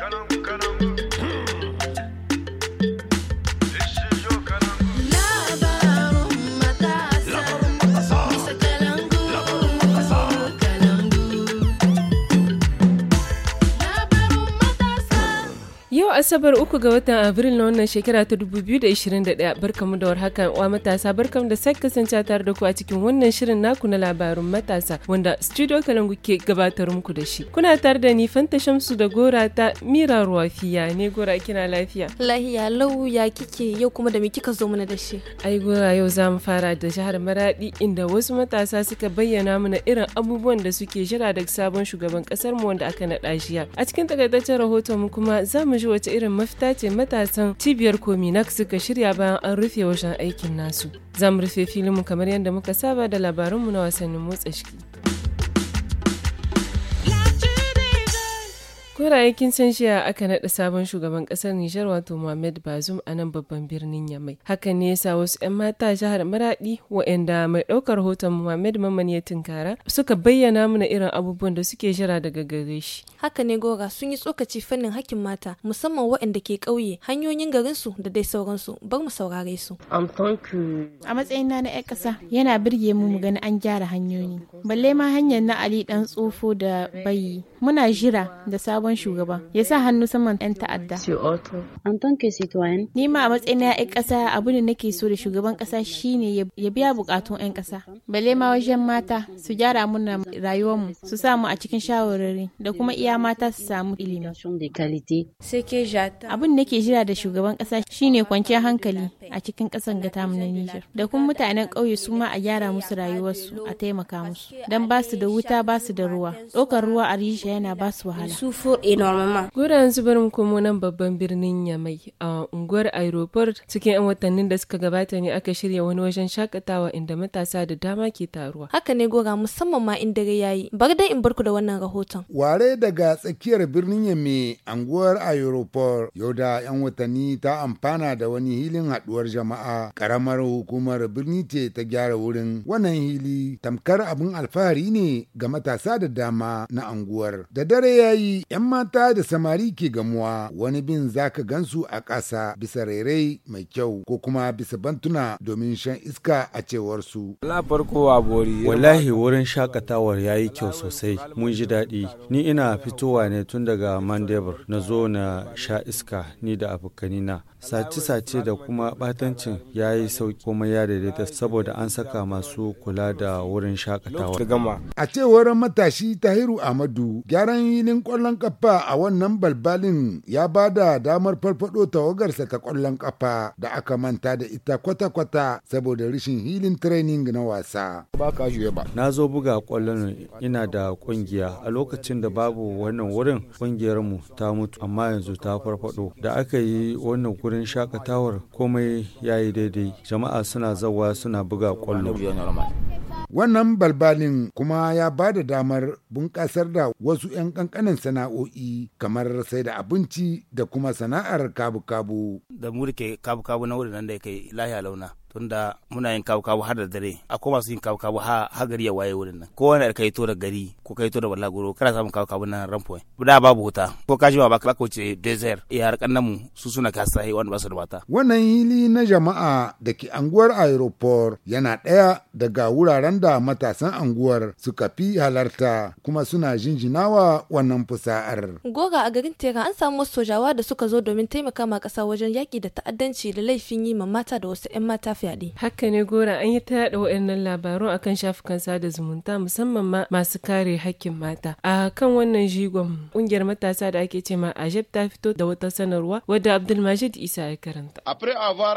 Don't on. Asabar uku ga watan Abril na wannan shekara ta 2021 barkamu da warhaka wa matasa barkamu da sake kasance tare da ku a cikin wannan shirin naku na labarun matasa wanda Studio Kalangu ke gabatar muku da shi. Kuna tare da ni Fanta Shamsu da Gora ta Mira Ruwafiya ne Gora kina lafiya. Lahiya lau ya kike yau kuma da me kika zo mana da shi? Ai Gora yau za mu fara da jihar Maradi inda wasu matasa suka bayyana mana irin abubuwan da suke jira daga sabon shugaban kasar mu wanda aka naɗa jiya A cikin takaitaccen rahoton mu kuma za mu ji wace irin mafita ce matasan cibiyar Kominak suka shirya bayan an rufe wajen aikin nasu. Za mu rufe filinmu kamar yadda muka saba da labarinmu na wasannin motsa shi. kin san shiya aka naɗa sabon shugaban ƙasar Nijar wato Mohamed bazum a nan babban birnin Yamai. haka ne yasa wasu 'yan mata jihar Maradi waɗanda mai ɗaukar hoton Mohamed mamman ya tunkara suka bayyana mana irin abubuwan da suke jira daga gare shi. Haka ne gora sun yi tsokaci fannin hakkin mata musamman waɗanda ke ƙauye hanyoyin garin su da dai sauransu bar mu saurare su. A matsayin na na 'yan ƙasa yana birge mu mu gani an gyara hanyoyi. Balle ma hanyar na Ali ɗan tsofo da bayi. Muna jira da sabon tsohon shugaba ya sa hannu saman 'yan ta'adda. Ni ma a matsayin na 'yan ƙasa abu da nake so da shugaban ƙasa shine ya biya bukatun 'yan ƙasa. Bale ma wajen mata su gyara muna mu su sa a cikin shawarwari da kuma iya mata su samu ilimi. Abin da nake jira da shugaban ƙasa shine kwanciyar hankali a cikin ƙasar gata mu na Nijar. Da kuma mutanen ƙauye su ma a gyara musu rayuwarsu a taimaka musu. Don ba su da wuta ba su da ruwa. Ɗaukar ruwa a risha yana ba su wahala. enormement. Gora yanzu bari mu komo nan babban birnin Yamai a unguwar aeroport cikin 'yan watannin da suka gabata ne aka shirya wani wajen shakatawa inda matasa da dama ke taruwa. Haka ne goga musamman ma in dare yayi. Bar da in barku da wannan rahoton. Ware daga tsakiyar birnin Yamai unguwar aeroport yau 'yan watanni ta amfana da wani hilin haduwar jama'a karamar hukumar birni ce ta gyara wurin wannan hili tamkar abin alfahari ne ga matasa da dama na anguwar. Da dare yayi 'yan mata da samari ke gamuwa wani bin zaka gansu a ƙasa bisa rairai mai kyau ko kuma bisa bantuna domin shan iska a cewar su. a bori. Wallahi wurin shakatawar ya yi kyau sosai mun ji daɗi. Ni ina fitowa ne tun daga Mandebur na zo na sha iska ni da abokanina. Sace-sace da kuma batancin ya yi sauki kuma ya daidaita saboda an saka masu kula da wurin shakatawa. A cewar matashi Tahiru Ahmadu gyaran yinin kwallon kafa kafa a wannan balbalin ya ba da damar farfado tawagarsa ta kwallon kafa da aka manta da ita kwata-kwata saboda rashin hilin training na wasa. Na zo buga kwallon ina da kungiya a lokacin da babu wannan wurin kungiyarmu ta mutu amma yanzu ta farfado da aka yi wannan gurin shakatawar komai ya yi daidai jama'a suna zawa suna buga kwallo. Wannan balbalin kuma ya ba da damar bunƙasar da wasu 'yan ƙanƙanin sana'o'i kamar sai da abinci da kuma sana'ar kabu-kabu. Da mu kabu-kabu na wurin nan da kai lahiya launa. tunda muna yin kawo kawo har da dare akwai masu yin kawo kawo ha gari ya waye wurin nan ko wani kai to da gari ko kai to da balaguro kana samun kawo kawo nan point da babu wuta ko ka jima baka wuce desert yar eh, kannan su suna kasa wanda ba su da wata wannan hili na jama'a da ke anguwar aeroport yana daya daga wuraren da matasan anguwar suka fi halarta kuma suna jinjinawa wannan fusa'ar goga a garin tera an samu sojawa da suka zo domin taimaka ma kasa wajen yaki da ta'addanci da laifin yi ma mata da wasu 'yan mata fyaɗe. Haka ne gora an yi ta yaɗa waɗannan labaru a kan shafukan sada zumunta musamman ma masu kare hakkin mata. A kan wannan jigon ƙungiyar matasa da ake ce ma Ajab ta fito da wata sanarwa wadda Abdulmajid Isa ya karanta.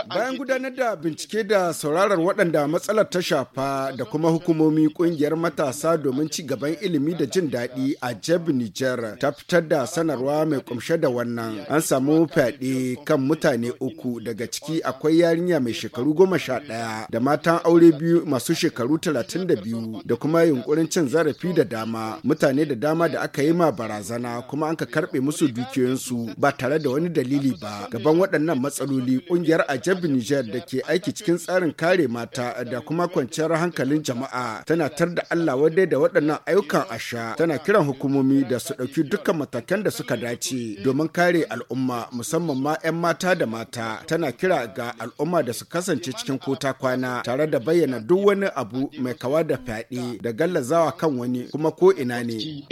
Bayan gudanar da bincike da sauraron waɗanda matsalar ta shafa da kuma hukumomi ƙungiyar matasa domin ci gaban ilimi da jin daɗi a Jeb Niger ta fitar da sanarwa mai kumshe da wannan an samu fyaɗe kan mutane uku daga ciki akwai yarinya mai shekaru goma sha ɗaya da matan aure biyu masu shekaru talatin da biyu da kuma yunkurin cin zarafi da dama mutane da dama da aka yi ma barazana kuma an ka karɓe musu dukiyoyinsu ba tare da wani dalili ba gaban waɗannan matsaloli ƙungiyar ajab Nijar da ke aiki cikin tsarin kare mata da kuma kwanciyar hankalin jama'a tana tar da Allah wadai da waɗannan ayyukan asha tana kiran hukumomi da su ɗauki dukkan matakan da suka dace domin kare al'umma musamman ma 'yan mata da mata tana kira ga al'umma da su kasance cikin kota kwana tare da bayyana duk wani abu mai kawa da fyaɗe da gallazawa kan wani kuma ko ina ne.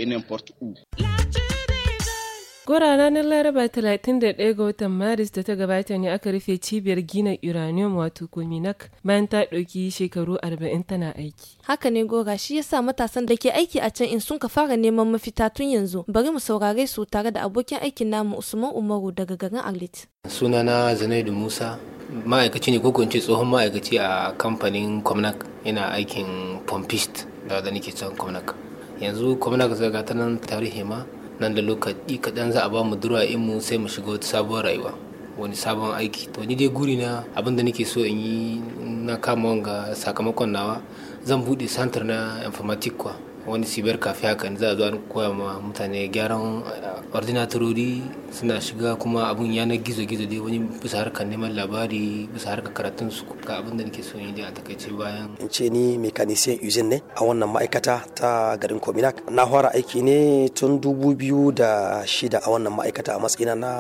Gora ranar Laraba 31 ga watan Maris da ta gabata ne aka rufe cibiyar gina uranium wato kuminak bayan ta ɗauki shekaru 40 tana aiki. Haka ne Gora shi yasa matasan da ke aiki a can in sun ka fara neman mafita tun yanzu. Bari mu saurare su tare da abokin aikin namu Usman Umaru daga garin Arlit. Sunana Zanaidu Musa ma'aikaci ne ko tsohon ma'aikaci a kamfanin Komnak ina aikin pompist da nake can Komnak. Yanzu Komnak zaga ta nan tarihi ma nan da lokaci kaɗan za a ba mu dura mu sai mu shiga wata sabuwar rayuwa wani sabon aiki to ni dai guri na abin da nake so in yi na kama wanga sakamakon nawa zan buɗe santar na informatic kwa wani cibiyar kafi haka za a zo koya ma mutane gyaran eh, ordinatorori suna shiga kuma abun yanar gizo-gizo dai wani bisa harkar neman labari bisa harkar karatun su ga abin da nake so yi a takaice bayan in ce ni mekanisiyan usine ne a wannan ma'aikata ta garin kominak na fara aiki ne tun dubu biyu da shida a wannan ma'aikata a matsayina na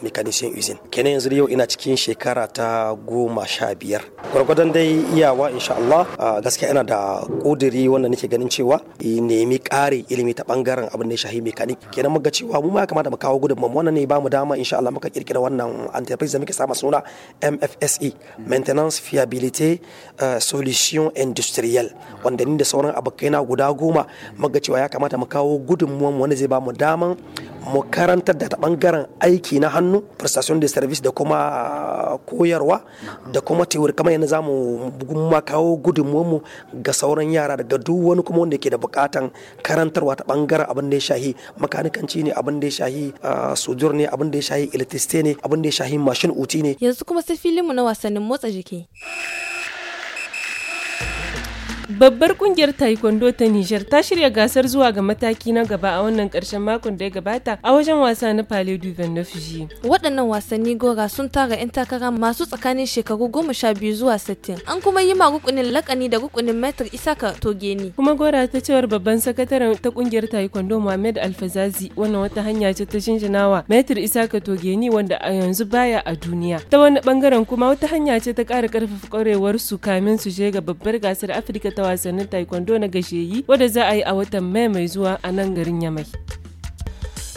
mekanisiyan usine kenan yanzu yau ina cikin shekara ta goma sha biyar gwargwadon dai iyawa insha Allah ah, gaskiya ina da ƙudiri wanda nake ganin cewa nemi ƙari ilimi ta bangaren abin da ya shahi mekanik kenan muka cewa mu ma kamata mu kawo gudunmu wannan ne ba mu dama insha Allah muka kirkira wannan enterprise da muke sama suna MFSE maintenance fiabilité euh, solution industriel wanda ni da sauran abokaina guda goma muka cewa ya kamata mu kawo gudunmu wanda zai ba mu dama mu karantar da bangaren aiki na hannu prestation de service da kuma koyarwa da kuma teori kamar yadda zamu ma kawo gudunmu ga sauran yara daga duk wani kuma wanda ke da bukatan karantarwa ta bangaren abin da ya shahi makanikanci ne abin da ya shahi ah, sojur ne abin da ya shahi electricity ne abin da ya shahi mashin uti ne yanzu kuma sai filin na wasannin motsa jiki Babbar kungiyar Taekwondo ta Nijar ta shirya gasar zuwa ga mataki na gaba a wannan karshen makon da ya gabata a wajen wasa na Palais du Vendée Waɗannan wasanni gora sun tara 'yan takara masu tsakanin shekaru goma sha biyu zuwa sittin. An kuma yi ma rukunin lakani da rukunin Metr Isaka Togeni. Kuma gora ta cewar babban sakataren ta kungiyar Taekwondo Mohamed Alfazazi wannan wata hanya ce ta shinjinawa Metr Isaka Togeni wanda a yanzu baya a duniya. Ta wani bangaren kuma wata hanya ce ta ƙara ƙarfafa ƙwarewarsu kamin su je ga babbar gasar Afirka ta wasannin taekwondo na yi wadda za a yi a watan mai mai zuwa a nan garin yamai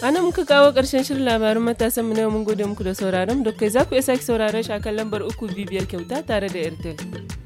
a nan muka kawo ƙarshen shirin labarin matasan mu na mun gode muku da sauraron da kai za ku iya sake sauraron shakan lambar uku bibiyar kyauta tare da airtel